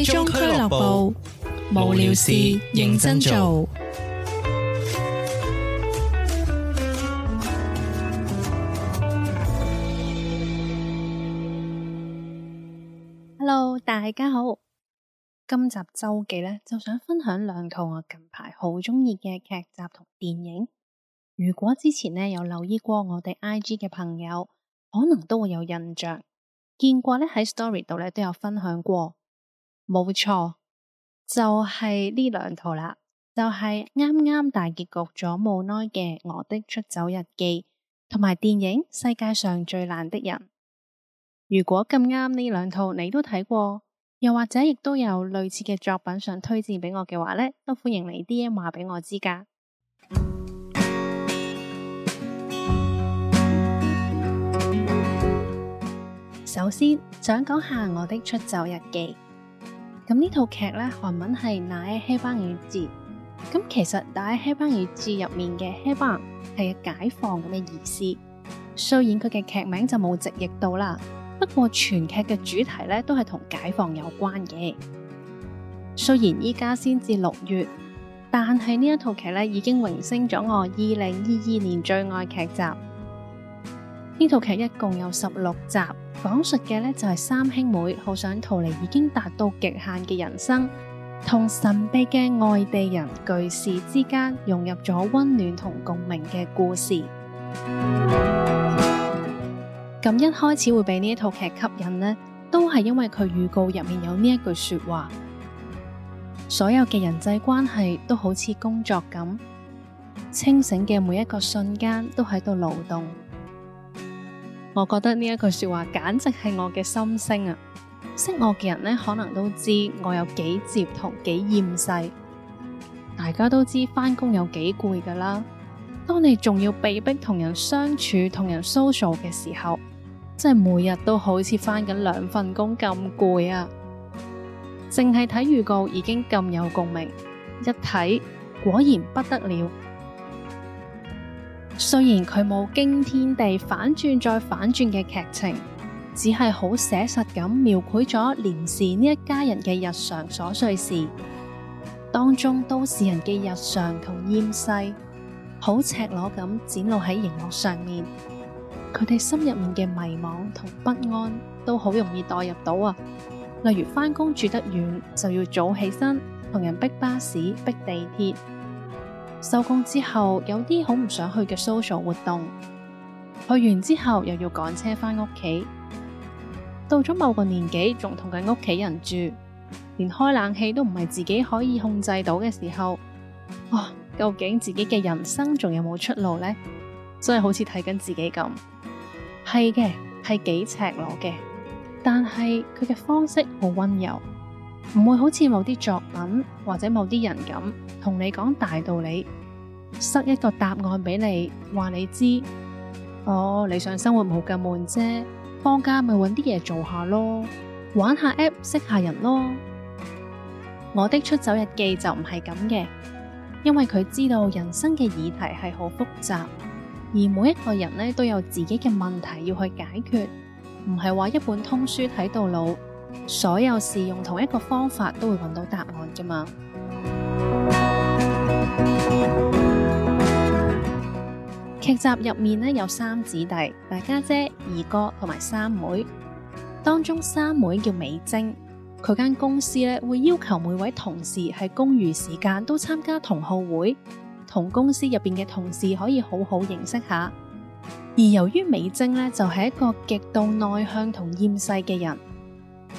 最中俱樂部無聊事認真做。Hello，大家好。今集周記呢，就想分享兩套我近排好鍾意嘅劇集同電影。如果之前呢有留意過我哋 IG 嘅朋友，可能都會有印象，見過呢喺 Story 度呢都有分享過。冇錯，就係、是、呢兩套啦，就係啱啱大結局咗冇耐嘅《我的出走日記》同埋電影《世界上最爛的人》。如果咁啱呢兩套你都睇過，又或者亦都有類似嘅作品想推薦俾我嘅話呢，都歡迎你 DM 話俾我知㗎。首先想講下《我的出走日記》。咁呢套劇呢，韓文係《拿喺黑幫二字》。咁其實《拿喺黑幫二字》入面嘅黑幫係解放咁嘅意思。雖然佢嘅劇名就冇直譯到啦，不過全劇嘅主題呢都係同解放有關嘅。雖然依家先至六月，但係呢一套劇呢已經榮升咗我二零二二年最愛劇集。呢套劇一共有十六集。講述嘅呢，就係三兄妹好想逃離已經達到極限嘅人生，同神秘嘅外地人巨士之間融入咗溫暖同共鳴嘅故事。咁 一開始會俾呢一套劇吸引呢，都係因為佢預告入面有呢一句說話：所有嘅人際關係都好似工作咁，清醒嘅每一個瞬間都喺度勞動。我覺得呢一句說話簡直係我嘅心聲啊！識我嘅人呢，可能都知我有幾接同幾厭世。大家都知翻工有幾攰㗎啦，當你仲要被逼同人相處、同人 social 嘅時候，真係每日都好似翻緊兩份工咁攰啊！淨係睇預告已經咁有共鳴，一睇果然不得了。雖然佢冇驚天地、反轉再反轉嘅劇情，只係好寫實咁描繪咗連氏呢一家人嘅日常瑣碎事，當中都市人嘅日常同厭世，好赤裸咁展露喺熒幕上面。佢哋心入面嘅迷茫同不安都好容易代入到啊！例如翻工住得遠，就要早起身同人逼巴士、逼地鐵。收工之後有啲好唔想去嘅 social 活動，去完之後又要趕車翻屋企，到咗某個年紀仲同緊屋企人住，連開冷氣都唔係自己可以控制到嘅時候，哇、啊！究竟自己嘅人生仲有冇出路呢？真係好似睇緊自己咁，係嘅，係幾赤裸嘅，但係佢嘅方式好溫柔。唔會好似某啲作品或者某啲人咁，同你講大道理，塞一個答案俾你，話你知。哦，你想生活冇咁悶啫，放假咪搵啲嘢做下咯，玩下 app 識下人咯。我的出走日記就唔係咁嘅，因為佢知道人生嘅議題係好複雜，而每一個人呢都有自己嘅問題要去解決，唔係話一本通書睇到老。所有事用同一個方法都會揾到答案噶嘛？劇集入面呢，有三姊弟，大家姐、二哥同埋三妹，當中三妹叫美晶。佢間公司呢，會要求每位同事喺公餘時間都參加同好會，同公司入邊嘅同事可以好好認識下。而由於美晶呢，就係、是、一個極度內向同厭世嘅人。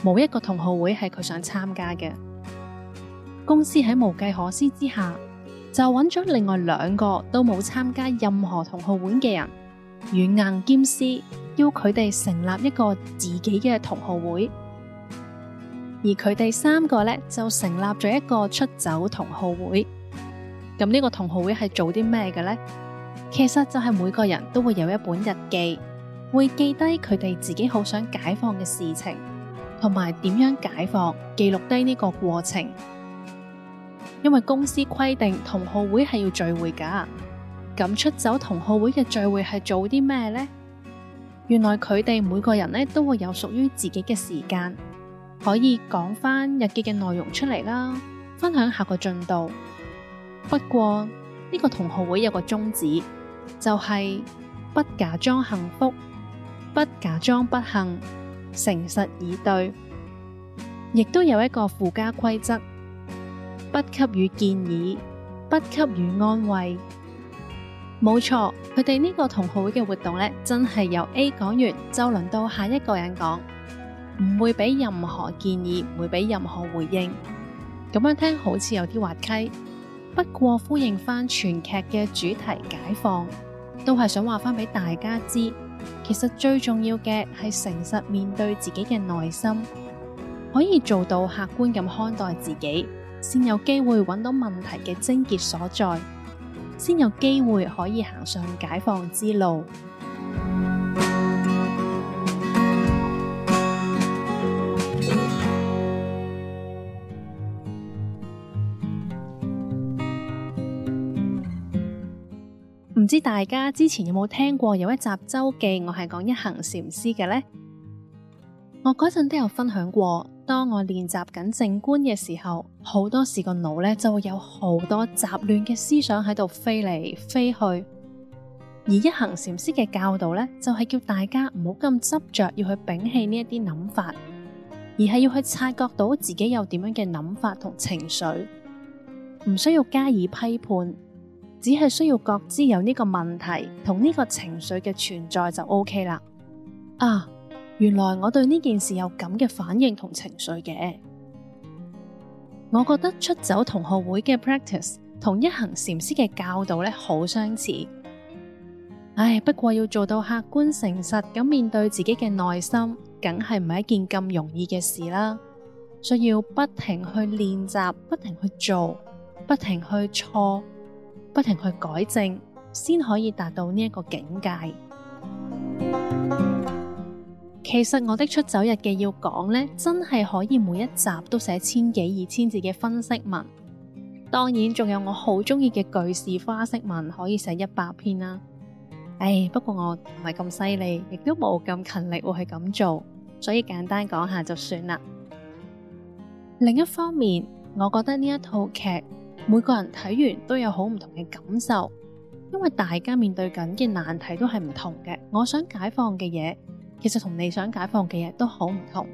冇一個同好會係佢想參加嘅。公司喺無計可施之下，就揾咗另外兩個都冇參加任何同好會嘅人，軟硬兼施，要佢哋成立一個自己嘅同好會。而佢哋三個呢，就成立咗一個出走同好會。咁呢個同好會係做啲咩嘅呢？其實就係每個人都會有一本日記，會記低佢哋自己好想解放嘅事情。同埋點樣解放記錄低呢個過程？因為公司規定同學會係要聚會噶，咁出走同學會嘅聚會係做啲咩呢？原來佢哋每個人呢都會有屬於自己嘅時間，可以講翻日記嘅內容出嚟啦，分享下個進度。不過呢個同學會有個宗旨，就係不假裝幸福，不假裝不幸。誠實以對，亦都有一個附加規則：不給予建議，不給予安慰。冇錯，佢哋呢個同學會嘅活動呢，真係由 A 講完就輪到下一個人講，唔會俾任何建議，唔會俾任何回應。咁樣聽好似有啲滑稽，不過呼應翻全劇嘅主題解放，都係想話翻俾大家知。其實最重要嘅係誠實面對自己嘅內心，可以做到客觀咁看待自己，先有機會揾到問題嘅症結所在，先有機會可以行上解放之路。唔知大家之前有冇聽過有一集周記，我係講一行禪師嘅呢。我嗰陣都有分享過，當我練習緊正觀嘅時候，好多時個腦咧就會有好多雜亂嘅思想喺度飛嚟飛去。而一行禪師嘅教導呢，就係叫大家唔好咁執着要去摒棄呢一啲諗法，而係要去察覺到自己有點樣嘅諗法同情緒，唔需要加以批判。只係需要覺知有呢個問題同呢個情緒嘅存在就 OK 啦。啊，原來我對呢件事有咁嘅反應同情緒嘅。我覺得出走同學會嘅 practice 同一行禪師嘅教導咧好相似。唉，不過要做到客觀誠實咁面對自己嘅內心，梗係唔係一件咁容易嘅事啦。需要不停去練習，不停去做，不停去錯，不停去改正，先可以達到呢一個境界。其實我的出走日記要講呢，真係可以每一集都寫千幾二千字嘅分析文。當然，仲有我好中意嘅句式花式文，可以寫一百篇啦。唉，不過我唔係咁犀利，亦都冇咁勤力會去咁做，所以簡單講下就算啦。另一方面，我覺得呢一套劇。每個人睇完都有好唔同嘅感受，因為大家面對緊嘅難題都係唔同嘅。我想解放嘅嘢，其實同你想解放嘅嘢都好唔同。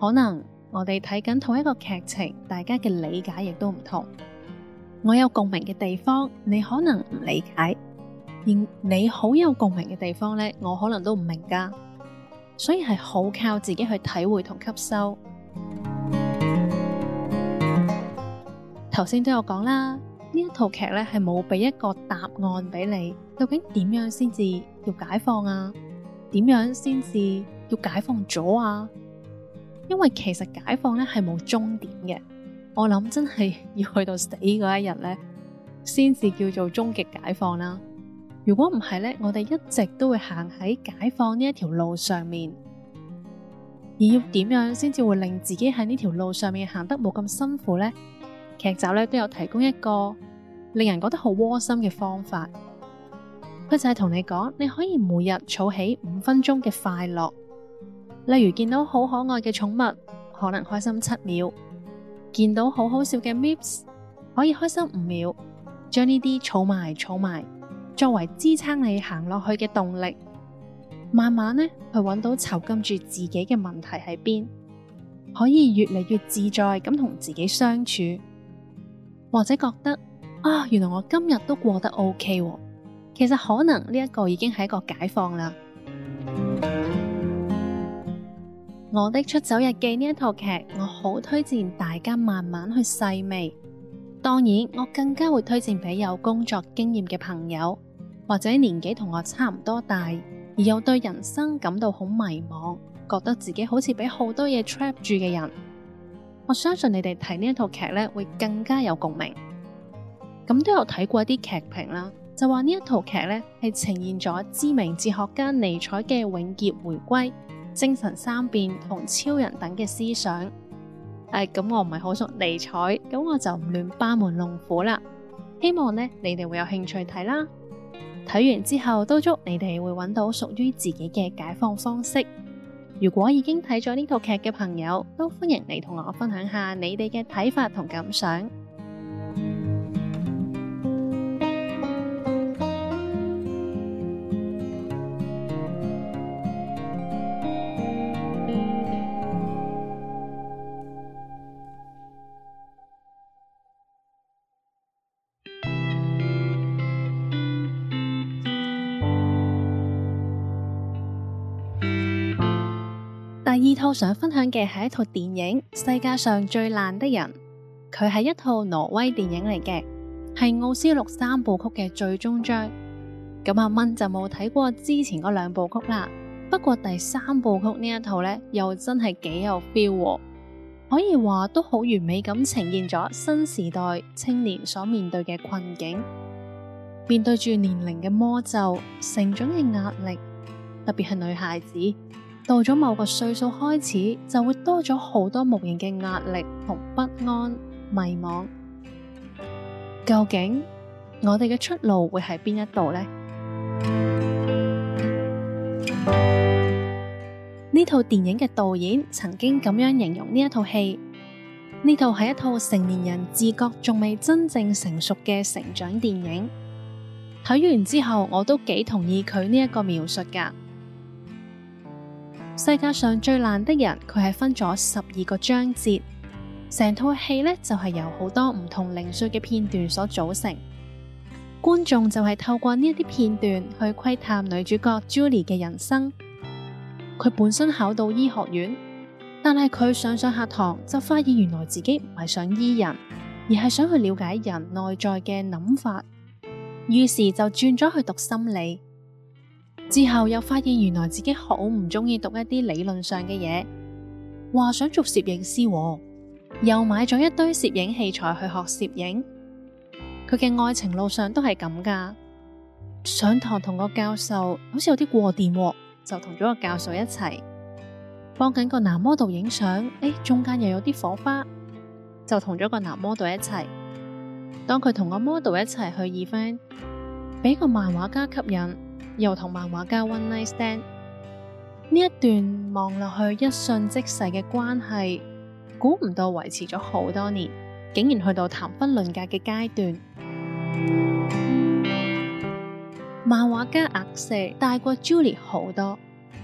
可能我哋睇緊同一個劇情，大家嘅理解亦都唔同。我有共鳴嘅地方，你可能唔理解；而你好有共鳴嘅地方呢，我可能都唔明㗎。所以係好靠自己去體會同吸收。頭先都有講啦，呢一套劇呢係冇俾一個答案俾你，究竟點樣先至要解放啊？點樣先至要解放咗啊？因為其實解放呢係冇終點嘅，我諗真係要去到死嗰一日呢，先至叫做終極解放啦、啊。如果唔係呢，我哋一直都會行喺解放呢一條路上面，而要點樣先至會令自己喺呢條路上面行得冇咁辛苦呢？劇集呢都有提供一個令人覺得好窩心嘅方法，佢就係同你講，你可以每日儲起五分鐘嘅快樂，例如見到好可愛嘅寵物，可能開心七秒；見到好好笑嘅 mips，可以開心五秒。將呢啲儲埋儲埋，作為支撐你行落去嘅動力，慢慢呢，去揾到囚禁住自己嘅問題喺邊，可以越嚟越自在咁同自己相處。或者覺得啊，原來我今日都過得 OK 喎，其實可能呢一個已經係一個解放啦。 我的出走日記呢一套劇，我好推薦大家慢慢去細味。當然，我更加會推薦俾有工作經驗嘅朋友，或者年紀同我差唔多大，而又對人生感到好迷茫，覺得自己好似俾好多嘢 trap 住嘅人。我相信你哋睇呢一套劇呢，會更加有共鳴。咁都有睇過一啲劇評啦，就話呢一套劇呢係呈現咗知名哲學家尼采嘅永劫回歸、精神三變同超人等嘅思想。誒、哎，咁我唔係好熟尼采，咁我就唔亂班門弄斧啦。希望呢，你哋會有興趣睇啦，睇完之後都祝你哋會揾到屬於自己嘅解放方式。如果已經睇咗呢套劇嘅朋友，都歡迎你同我分享下你哋嘅睇法同感想。我想分享嘅係一套電影《世界上最爛的人》，佢係一套挪威電影嚟嘅，係奧斯陸三部曲嘅最終章。咁阿蚊就冇睇過之前嗰兩部曲啦，不過第三部曲呢一套呢，又真係幾有 feel，可以話都好完美咁呈現咗新時代青年所面對嘅困境，面對住年齡嘅魔咒、成長嘅壓力，特別係女孩子。到咗某個歲數開始，就會多咗好多無形嘅壓力同不安、迷惘。究竟我哋嘅出路會喺邊一度呢？呢套 電影嘅導演曾經咁樣形容呢一套戲：呢套係一套成年人自覺仲未真正成熟嘅成長電影。睇完之後，我都幾同意佢呢一個描述噶。世界上最爛的人，佢係分咗十二個章節。成套戲呢，就係由好多唔同零碎嘅片段所組成。觀眾就係透過呢一啲片段去窺探女主角 Julie 嘅人生。佢本身考到醫學院，但係佢上上下堂就發現原來自己唔係想醫人，而係想去了解人內在嘅諗法，於是就轉咗去讀心理。之後又發現原來自己好唔中意讀一啲理論上嘅嘢，話想做攝影師喎，又買咗一堆攝影器材去學攝影。佢嘅愛情路上都係咁噶，上堂同個教授好似有啲過電，就同咗個教授一齊幫緊個男 model 影相，誒、哎、中間又有啲火花，就同咗個男 model 一齊。當佢同個 model 一齊去 event，俾個漫畫家吸引。又同漫畫家 One Night Stand 呢一段望落去一瞬即逝嘅關係，估唔到維持咗好多年，竟然去到談婚論嫁嘅階段。 漫畫家阿蛇大過 Julie 好多，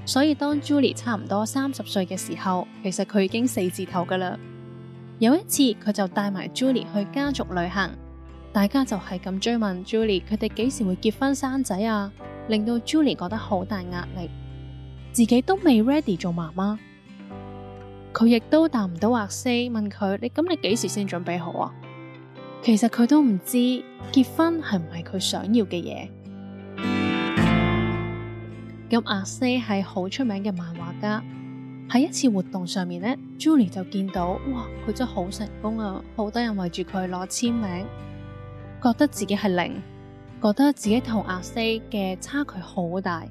所以當 Julie 差唔多三十歲嘅時候，其實佢已經四字頭噶啦。有一次佢就帶埋 Julie 去家族旅行，大家就係咁追問 Julie 佢哋幾時會結婚生仔啊？令到 Julie 覺得好大壓力，自己都未 ready 做媽媽，佢亦都答唔到阿 Sir 問佢：你咁你幾時先準備好啊？其實佢都唔知結婚係唔係佢想要嘅嘢。咁阿 Sir 係好出名嘅漫畫家，喺一次活動上面呢 Julie 就見到哇，佢真係好成功啊，好多人圍住佢攞簽名，覺得自己係零。覺得自己同阿 C 嘅差距好大，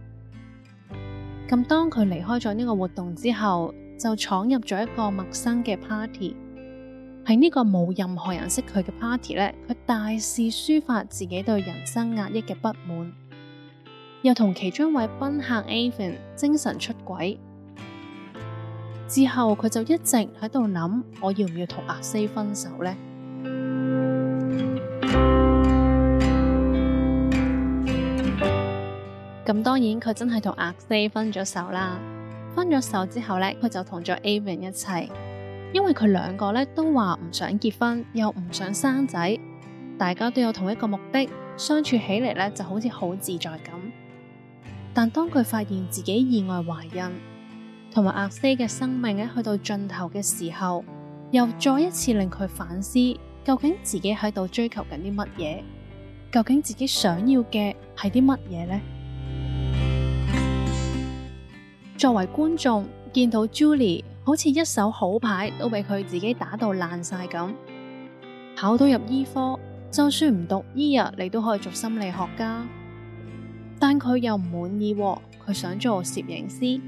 咁當佢離開咗呢個活動之後，就闖入咗一個陌生嘅 party，喺呢個冇任何人識佢嘅 party 咧，佢大肆抒發自己對人生壓抑嘅不滿，又同其中一位賓客 Avin 精神出軌，之後佢就一直喺度諗，我要唔要同阿 C 分手呢？」咁當然佢真係同阿西分咗手啦。分咗手之後呢，佢就同咗 Abby 一齊，因為佢兩個呢都話唔想結婚，又唔想生仔，大家都有同一個目的，相處起嚟呢就好似好自在咁。但當佢發現自己意外懷孕，同埋阿西嘅生命呢去到盡頭嘅時候，又再一次令佢反思，究竟自己喺度追求緊啲乜嘢？究竟自己想要嘅係啲乜嘢呢？作為觀眾，見到 Julie 好似一手好牌都俾佢自己打到爛晒咁，考到入醫科，就算唔讀醫啊，你都可以做心理學家。但佢又唔滿意，佢想做攝影師。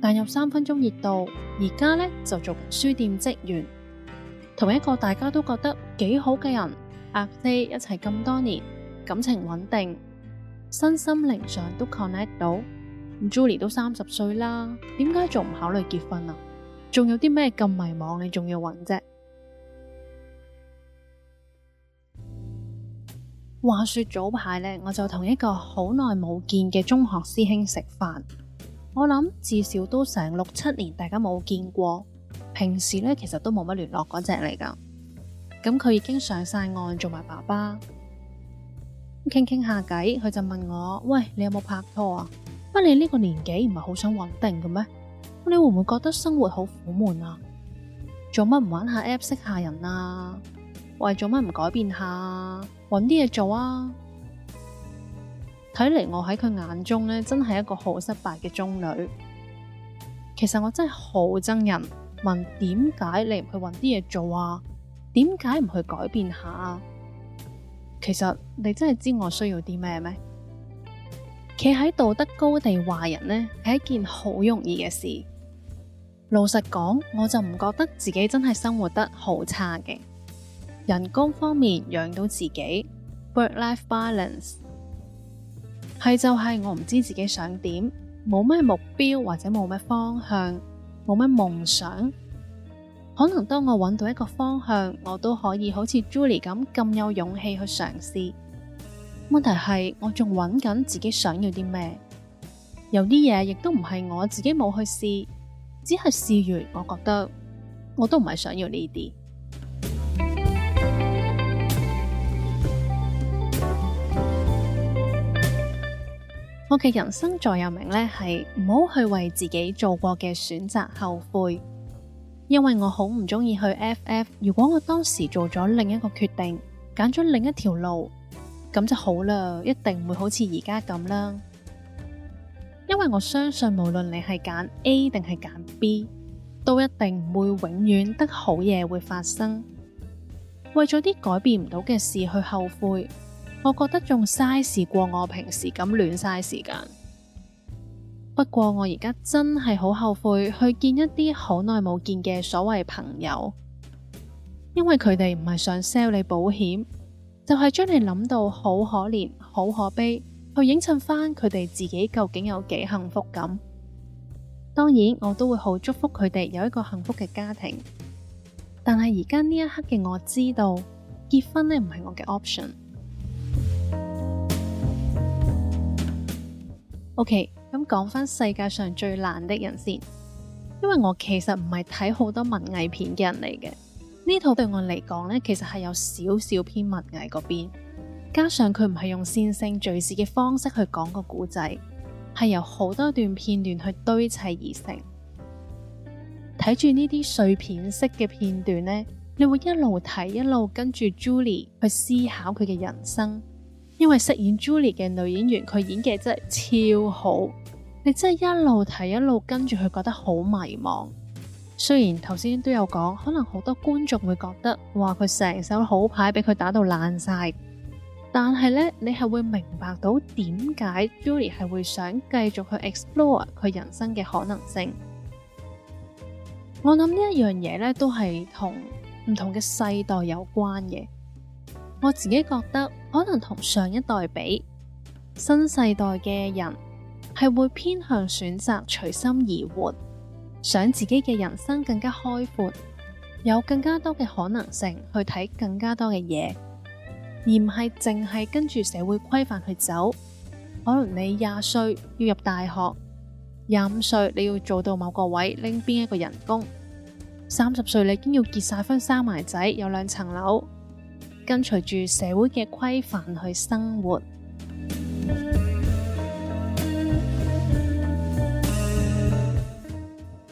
但入三分鐘熱度，而家呢就做書店職員。同一個大家都覺得幾好嘅人，阿呢一齊咁多年，感情穩定，身心靈上都 connect 到。Julie 都三十歲啦，點解仲唔考慮結婚啊？仲有啲咩咁迷惘，你仲要揾啫？ 話說早排呢，我就同一個好耐冇見嘅中學師兄食飯。我諗至少都成六七年，大家冇見過。平時呢其實都冇乜聯絡嗰隻嚟㗎。咁佢已經上晒岸，做埋爸爸。咁傾傾下偈，佢就問我：喂，你有冇拍拖啊？乜，你呢個年紀唔係好想穩定嘅咩？你會唔會覺得生活好苦悶啊？做乜唔玩下 app 識下人啊？喂，做乜唔改變下，搵啲嘢做啊？睇嚟，我喺佢眼中呢，真係一個好失敗嘅中女。其實我真係好憎人問，點解你唔去搵啲嘢做啊？點解唔去改變下？其實你真係知我需要啲咩咩？企喺道德高地話人呢，係一件好容易嘅事。老實講，我就唔覺得自己真係生活得好差嘅。人工方面，養到自己，work-life balance 係就係，我唔知自己想點，冇咩目標或者冇咩方向，冇咩夢想。可能當我揾到一個方向，我都可以好似 Julie 咁咁有勇氣去嘗試。問題係我仲揾緊自己想要啲咩，有啲嘢，亦都唔係我自己冇去試，只係試完我覺得我都唔係想要呢啲。 我嘅人生座右銘呢，係唔好去為自己做過嘅選擇後悔，因為我好唔中意去 FF。如果我當時做咗另一個決定，揀咗另一條路。咁就好啦，一定唔會好似而家咁啦。因為我相信無論你係揀 A 定係揀 B，都一定唔會永遠得好嘢會發生。為咗啲改變唔到嘅事去後悔，我覺得仲嘥事過我平時咁亂嘥時間。不過我而家真係好後悔去見一啲好耐冇見嘅所謂朋友，因為佢哋唔係想 sell 你保險。就係將你諗到好可憐、好可悲，去映襯翻佢哋自己究竟有幾幸福咁。當然，我都會好祝福佢哋有一個幸福嘅家庭。但係而家呢一刻嘅我知道，結婚呢唔係我嘅 option。OK，咁講翻世界上最爛的人先，因為我其實唔係睇好多文藝片嘅人嚟嘅。呢套對我嚟講呢，其實係有少少偏文藝嗰邊，加上佢唔係用線性敘事嘅方式去講個古仔，係由好多段片段去堆砌而成。睇住呢啲碎片式嘅片段呢，你會一路睇一路跟住 Julie 去思考佢嘅人生，因為飾演 Julie 嘅女演員佢演技真係超好，你真係一路睇一路跟住佢，覺得好迷茫。雖然頭先都有講，可能好多觀眾會覺得，話佢成手好牌俾佢打到爛晒，但係呢，你係會明白到點解 Julie 係會想繼續去 explore 佢人生嘅可能性。我諗呢一樣嘢呢都係同唔同嘅世代有關嘅。我自己覺得，可能同上一代比，新世代嘅人係會偏向選擇隨心而活。想自己嘅人生更加開闊，有更加多嘅可能性去睇更加多嘅嘢，而唔係淨係跟住社會規範去走。可能你廿歲要入大學，廿五歲你要做到某個位拎邊一個人工，三十歲你已經要結晒婚生埋仔，有兩層樓，跟隨住社會嘅規範去生活。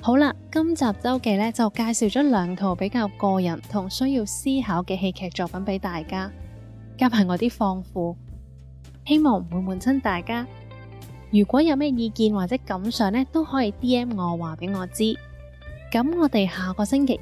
好啦，今集週記呢就介紹咗兩套比較個人同需要思考嘅戲劇作品俾大家，加埋我啲放負，希望唔會悶親大家。如果有咩意見或者感想呢，都可以 D M 我話俾我知。咁我哋下個星期